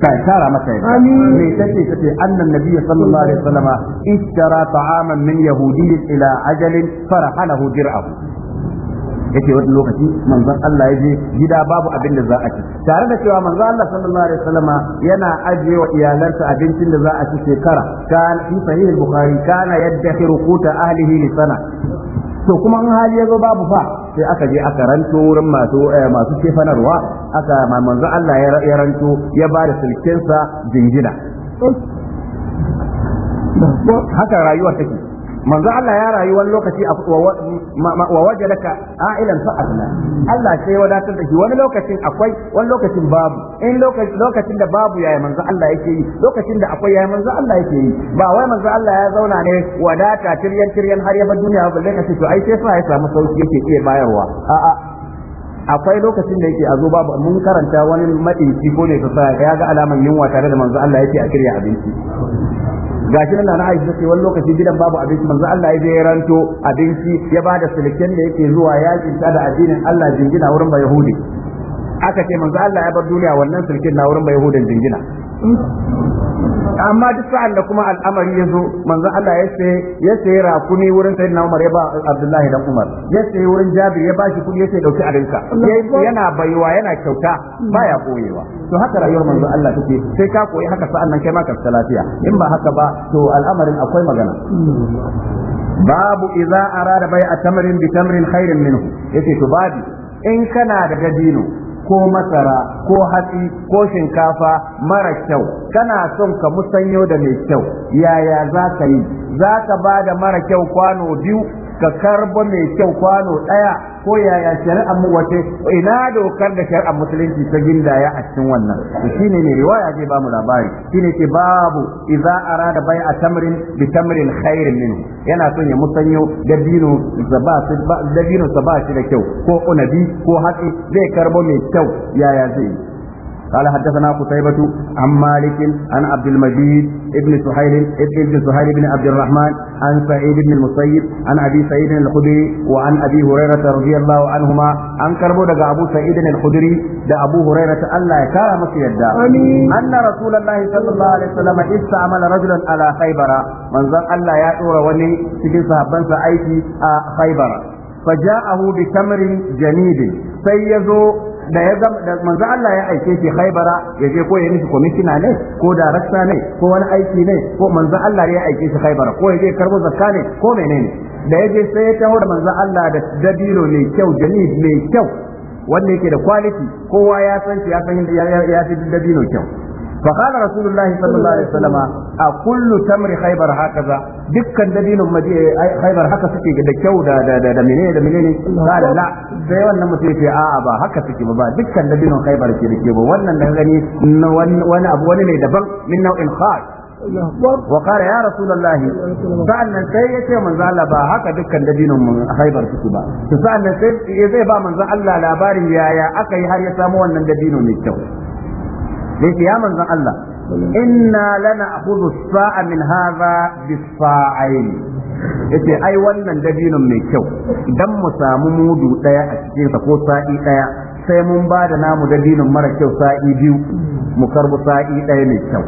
ka tara masa yadda me tace tace annan nabiy sallallahu alaihi wasallam ishtara ta'aman min yahudiyyin ila ajalin farhalahu dir'ahu yake wani lokaci manzon Allah ya je gida babu abin da za a ci tare da cewa manzon Allah sallallahu alaihi wasallam yana ajiye wa iyalansa abincin da za a ci shekara kan fi sahih al-bukhari kana yaddakhiru quta ahlihi li sana to kuma in hali ya zo babu fa sai aka je aka ranto wurin masu eh, masu kefanarwa aka manzo Allah ya ranto ya ba da sulkinsa jingina haka rayuwa take manzo Allah ya rayu wani lokaci wa wajadaka a'ilan fa Allah sai wadatar da shi wani lokacin akwai wani lokacin babu in lokacin da babu yaya manzo Allah yake yi lokacin da akwai yaya manzo Allah yake yi ba wai manzo Allah ya zauna ne wadata tiryan tiryan har ya duniya ba lokacin to ai sai fa ya samu sauki yake iya bayarwa a'a akwai lokacin da yake a zo babu mun karanta wani maɗinci ko ne kusa ya ga alaman yunwa tare da manzo Allah yake a kirya abinci gashi nan na Aisha ce wani lokaci gidan babu abinci manzo Allah ya je ya ranto abinci ya bada silken da yake zuwa yakin ta da addinin Allah jingina wurin ba Yahudi aka ce manzo Allah ya bar duniya wannan sulkin na wurin bayahudan jingina amma duk sa'an da kuma al'amari ya zo manzo Allah ya ce ya ce rakumi wurin na Umar ya ba Abdullahi dan Umar ya ce wurin Jabir ya bashi kudi ya ce dauki adinka yana baiwa yana kyauta baya koyewa to haka rayuwar manzo Allah take sai ka koyi haka sa'an nan kai ma ka lafiya in ba haka ba to al'amarin akwai magana babu idza arada bai'a tamrin bi tamrin khairin minhu yace to babu in kana da gadino. ko masara ko hatsi ko shinkafa mara kyau kana son ka musanyo da mai kyau yaya za ka yi za ka ba da mara kyau kwano biyu ka karba mai kyau kwano ɗaya ko yaya shari'ar mu wace ina dokar da shari'ar musulunci ta gindaya a cikin wannan to shine ne riwaya zai ba mu labari shine ke babu idza arada bai a tamrin bi tamrin khairin minhu yana son ya musanyo dabino ba dabino sa ba da kyau ko unabi ko hatsi zai karbo mai kyau yaya zai yi قال حدثنا قتيبة عن مالك عن عبد المجيد ابن سهيل ابن سهيل بن عبد الرحمن عن سعيد بن المسيب عن ابي سعيد الخدري وعن ابي هريرة رضي الله عنهما عن كربو دغ ابو سعيد الخدري دا ابو هريرة الله يكرم مسيدا ان رسول الله صلى الله عليه وسلم استعمل رجلا على خيبر من ذا الله يا دور وني cikin sahabbansa aiki a khaybara فجاءه بتمر جنيد sai ya zo da ya da manzo Allah ya aike shi Khaibara ya je ko ya mishi commissioner ne ko darakta ne ko wani aiki ne ko manzo Allah ya aike shi Khaibara ko ya je karbo zakka ne ko menene da ya je sai ya taho da manzo Allah da dabino mai kyau jalid mai kyau wanda yake da quality kowa ya san shi ya san ya fi dabino kyau فقال رسول الله صلى الله عليه وسلم أكل تمر خيبر هكذا دكا دليل خيبر هكذا سكي da kyau da da da da menene da menene kada la sai wannan mutum ce a'a ba haka suke ba dukkan da dinin khaibar ke ba wannan da gani wani ne daban min nau'in khas wa ya rasulullahi sa'annan sai ya ce manzo Allah ba haka dukkan da dinin mun suke ba to sa'annan zai ba manzo Allah labarin yaya aka yi har ya samo wannan da mai kyau yace ya manzon Allah inna lana akhudhu as-sa'a min hadha bis-sa'ain yace ai wannan dabinin mai kyau dan mu samu mudu daya a cikin sa ko sa'i daya sai mun ba da namu dabinin mara kyau sa'i biyu mu karbu sa'i daya mai kyau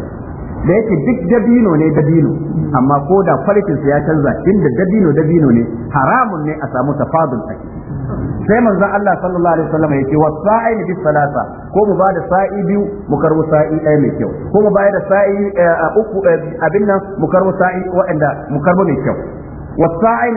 da yake duk dabino ne dabino amma ko da kwalitin ya canza inda dabino dabino ne haramun ne a samu tafadul a sai manzon Allah sallallahu alaihi wasallam yake wasa'i bi salasa ko mu ba da sa'i biyu mu karbo sa'i ɗaya mai kyau ko mu bayar da sa'i eh, uku eh, abin nan mu karbo sa'i waɗanda mu karbo mai kyau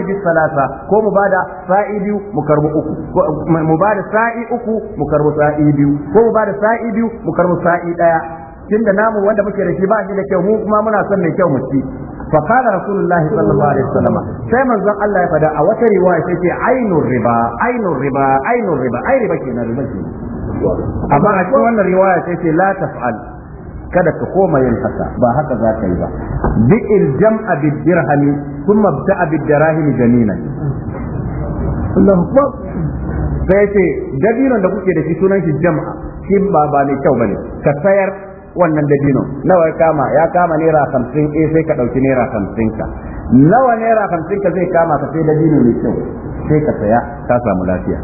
bi salasa, ko mu mu ba da sa'i biyu والساعين بالثلاثة mu ba da sa'i uku mu karbo sa'i biyu, ko mu ba da sa'i biyu mu karbo sa'i ɗaya. tunda namu wanda muke da shi ba shi da kyau mu kuma muna son mai kyau mu ci fa qala rasulullahi sallallahu alaihi wasallam sai manzon Allah ya fada a wata riwaya sai ce ainur riba ainur riba ainur riba ai riba kenan riba kenan amma a cikin wannan riwaya sai ce la taf'al kada ka koma yin haka ba haka za ka yi ba bi'il jam'a bid dirhami thumma ibta'a bid dirahimi jamilan Allahu akbar sai ce dabinon da kuke da shi sunan shi jam'a shi ba ba mai kyau bane ka sayar wannan dabino nawa ya kama ya kama naira hamsin eh sai ka ɗauki naira hamsin ka nawa naira hamsin ka zai kama ka sai dabino mai kyau sai ka saya ka samu lafiya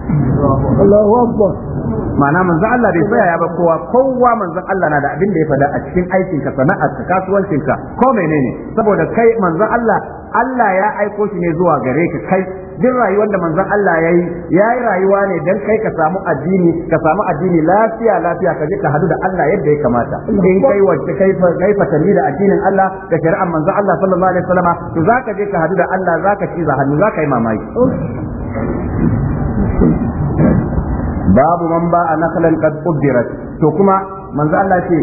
Allahu akbar ma'ana manzon Allah bai tsaya ba kowa kowa manzon Allah na da abin da ya fada a cikin aikin ka sana'ar ka kasuwancin ka ko menene saboda kai manzon Allah Allah ya aiko shi ne zuwa gare ka kai duk rayuwar da manzon Allah ya yi ya yi rayuwa ne dan kai ka samu addini ka samu addini lafiya lafiya ka je ka hadu da Allah yadda ya kamata in kai wacce kai kai fatani da addinin Allah da shari'ar manzon Allah sallallahu alaihi wasallam to zaka je ka hadu da Allah zaka ci za hannu zaka yi mamaki babu man ba a nakalan kad quddirat to kuma manzon Allah ce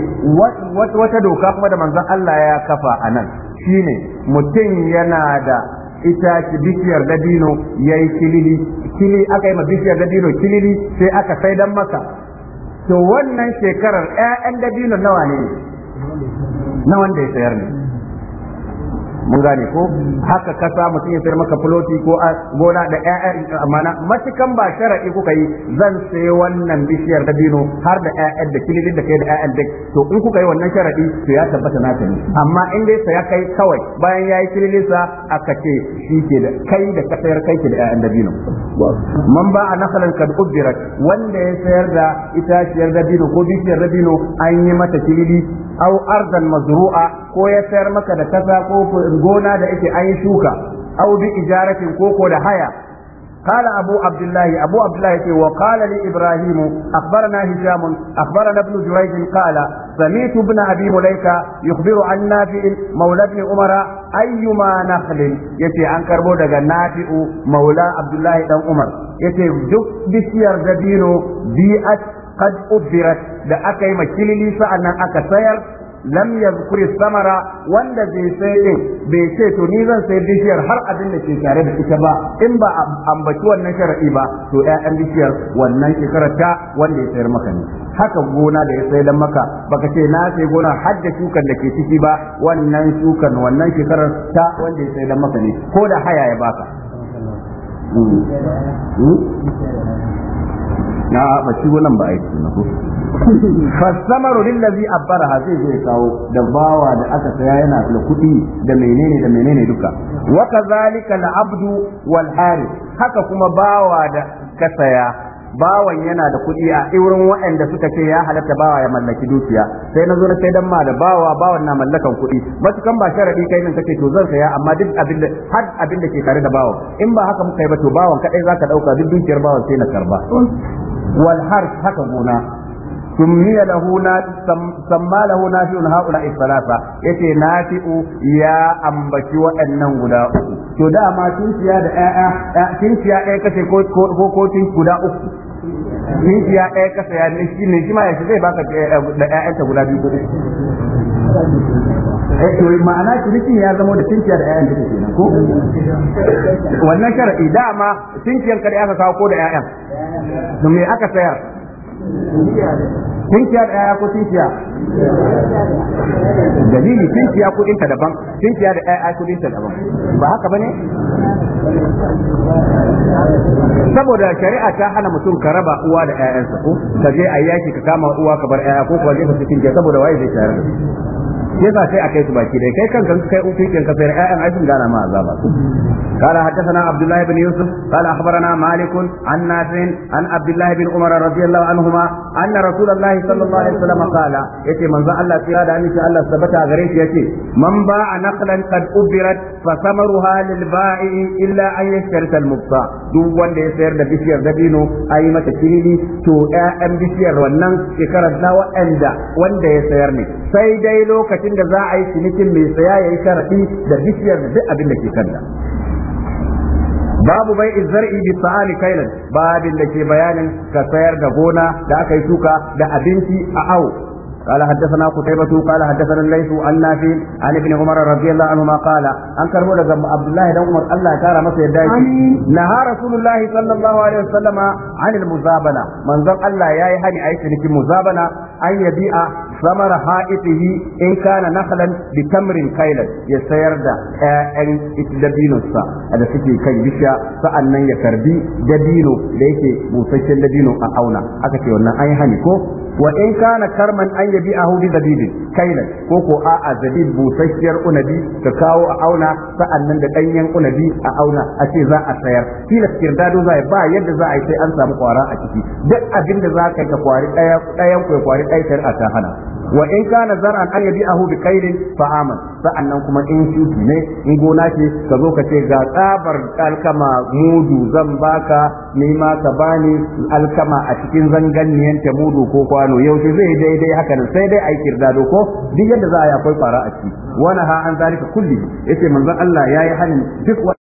wata doka kuma da manzo Allah ya kafa anan shine mutum yana da ita bishiyar dabino ya yi kilili kili aka yi ma bishiyar dabino kilili sai aka sai dan masa to wannan shekarar 'ya'yan dabino nawa ne na wanda ya sayar ne mun gane ko haka kasa mutum ya sayar maka filoti ko gona da ƴaƴa amana matukan ba shara'i kuka yi zan sayi wannan bishiyar dabino har da ƴaƴan da kilidin da kai da ƴaƴan da to in kuka yi wannan shara'i to ya tabbata na ne amma in dai saya kai kawai bayan yayi kilidin sa aka ce shi ke da kai da ka sayar kai ke da ƴaƴan dabino man ba a nakalan kad ubirat wanda ya sayar da itaciyar dabino ko bishiyar dabino an yi mata kilidi aw ardan mazru'a ko ya sayar maka da kasa ko gona da yake an shuka aw bi ijaratin ko ko da haya قال أبو عبد الله أبو عبد الله وقال لي إبراهيم أخبرنا هشام أخبرنا ابن جريج قال سمعت ابن أبي مليكة يخبر عن نافع مولى ابن عمر أيما نخل يتي عن كربودة نافع مولى عبد الله بن عمر يتي جب بسير دبينو بيئت Kad ubirat da aka yi makilili sa'annan aka sayar lam yadhkur wanda zai sai bai ce to ni zan sai bishiyar har abin da ke tare da ita ba in ba ambaci wannan shara'i ba to 'ya'yan bishiyar wannan shekarar ta wanda ya sayar maka ne haka gona da ya sai dan maka baka ce na sayi gona har da shukan da ke ciki ba wannan shukan wannan shekarar ta wanda ya sayar maka ne ko da haya ya baka hmm. Hmm? na ba shi wannan ba aiki na ko fasamaru lillazi abbaraha zai zai kawo da bawa da aka saya yana da kuɗi da menene da menene duka wa kazalika al-abdu wal haris haka kuma bawa da ka saya bawan yana da kuɗi a irin waɗanda suka ce ya halatta bawa ya mallaki dukiya sai na zo na sai dan ma da bawa bawan na mallakan kuɗi matukan ba sharadi kai nan kake to zan saya amma duk abin da har abin da ke tare da bawan in ba haka muka yi ba to bawan kadai zaka dauka duk dukiyar bawan sai na karba wal har haka gona na, na, له na, له نافع هؤلاء الثلاثة يتي ya ambaci waɗannan guda uku to dama tunkiya da ƴaƴa siya ɗaya kace ko ko guda uku rijiya ɗaya kasa ya ne shi ne shi ma yashi zai baka eh, da ƴaƴanta guda biyu ko eh, uku ma'ana cinikin ya zama da tinkiya da ya take kenan ko wannan shar'i dama tinkiyan kada aka kawo ko da ƴaƴan to me aka sayar tinkiya da ƴaƴa ko tinkiya dalili tinkiya kudin ta daban tinkiya da ƴaƴa kudin ta daban ba haka bane saboda shari'a ta hana mutum ka raba uwa da ƴaƴansa ko ka je a yaki ka kama uwa ka bar ƴaƴa ko ka je ka cikin saboda waye zai shayar yasa sai akai su baki dai kai kanka kai ufikin ka sai ƴaƴan aikin gana ma azaba قال حدثنا عبد الله بن يوسف قال اخبرنا مالك عن نافع عن عبد الله بن عمر رضي الله عنهما ان رسول الله صلى الله عليه وسلم قال يتي من ذا الله تيرا ان شاء الله ثبت غريش يتي من باع نقلا قد ابرت فثمرها للبائع الا ان يشترط المبتاع دو wanda ya sayar da bishiyar dabino a yi mata cinini to ƴaƴan bishiyar wannan shekarar na wa'anda wanda ya sayar ne sai dai lokacin lokacin da za a yi cinikin mai saya ya yi sharaɗi da bishiyar da duk abin da ke kanta babu bai zar'i bi sa'ani kailan babin da ke bayanin ka sayar da gona da aka yi shuka da abinci a au قال حدثنا قتيبة قال حدثنا الليث عن نافع عن ابن عمر رضي الله عنهما قال أنكر مولى عبد الله بن عمر الله تعالى مصر نهى رسول الله صلى الله عليه وسلم anil muzabana manzon Allah ya yayi hani ayi cinikin muzabana an a samara ha'itihi in kana nakhlan bi tamrin kailan ya sayar da ƴaƴan dabinonsa da suke kan bishiya sa'annan ya karbi dabino da yake busasshen dabino a auna aka ce wannan an yi hani ko wa in kana karman an yabi ahu bi zabibin kailan ko ko a'a zabib busasshiyar unabi ka kawo a auna sa'annan da danyen unabi a auna a ce za a sayar tilas kirdado za ba yadda za a yi sai an samu samu kwara a ciki duk abin da za ka ka kwari ɗaya ɗayan ku ya kwari ɗaya shari'a ta hana wa in kana zar'an an ahu bi qailin fa aman sa'annan kuma in shuki ne in gona ce ka zo ka ce ga tsabar alkama mudu zan baka ni ma ka bani alkama a cikin zanganniyan ta mudu ko kwano yaushe zai daidai haka nan sai dai ai kirdado ko duk yadda za a yi akwai fara a ciki wani ha an zalika kulli yace manzon Allah yayi hanin duk